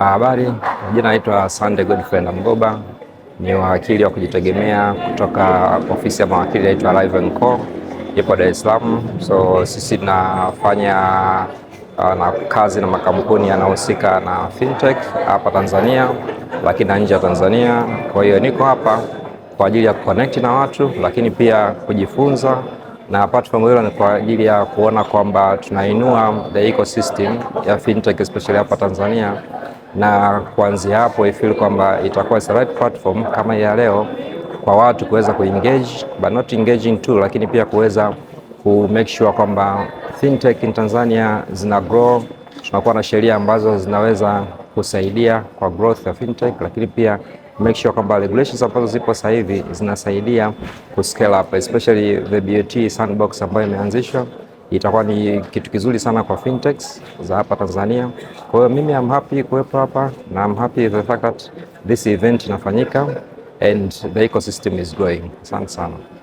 Ah, habari, jina naitwa Sande Godfrey Mgoba, ni wakili wa kujitegemea kutoka ofisi ya mawakili inaitwa Live Co, ipo Dar es Salaam. So sisi tunafanya ah, na kazi na makampuni yanayohusika na fintech hapa Tanzania, lakini na nje ya Tanzania. Kwa hiyo niko hapa kwa ajili ya kuconnect na watu, lakini pia kujifunza na platform hiyo ni kwa ajili ya kuona kwamba tunainua the ecosystem ya fintech especially hapa Tanzania na kuanzia hapo ifeel kwamba itakuwa the right platform kama ya leo kwa watu kuweza kuengage but not engaging tu, lakini pia kuweza ku make sure kwamba fintech in Tanzania zina grow. Tunakuwa na sheria ambazo zinaweza kusaidia kwa growth ya fintech, lakini pia make sure kwamba regulations ambazo zipo sasa hivi zinasaidia ku scale up especially the BOT sandbox ambayo imeanzishwa itakuwa ni kitu kizuri sana kwa fintechs za hapa Tanzania. Kwa hiyo mimi am happy kuwepo hapa na am happy the fact that this event inafanyika and the ecosystem is growing. Asante sana.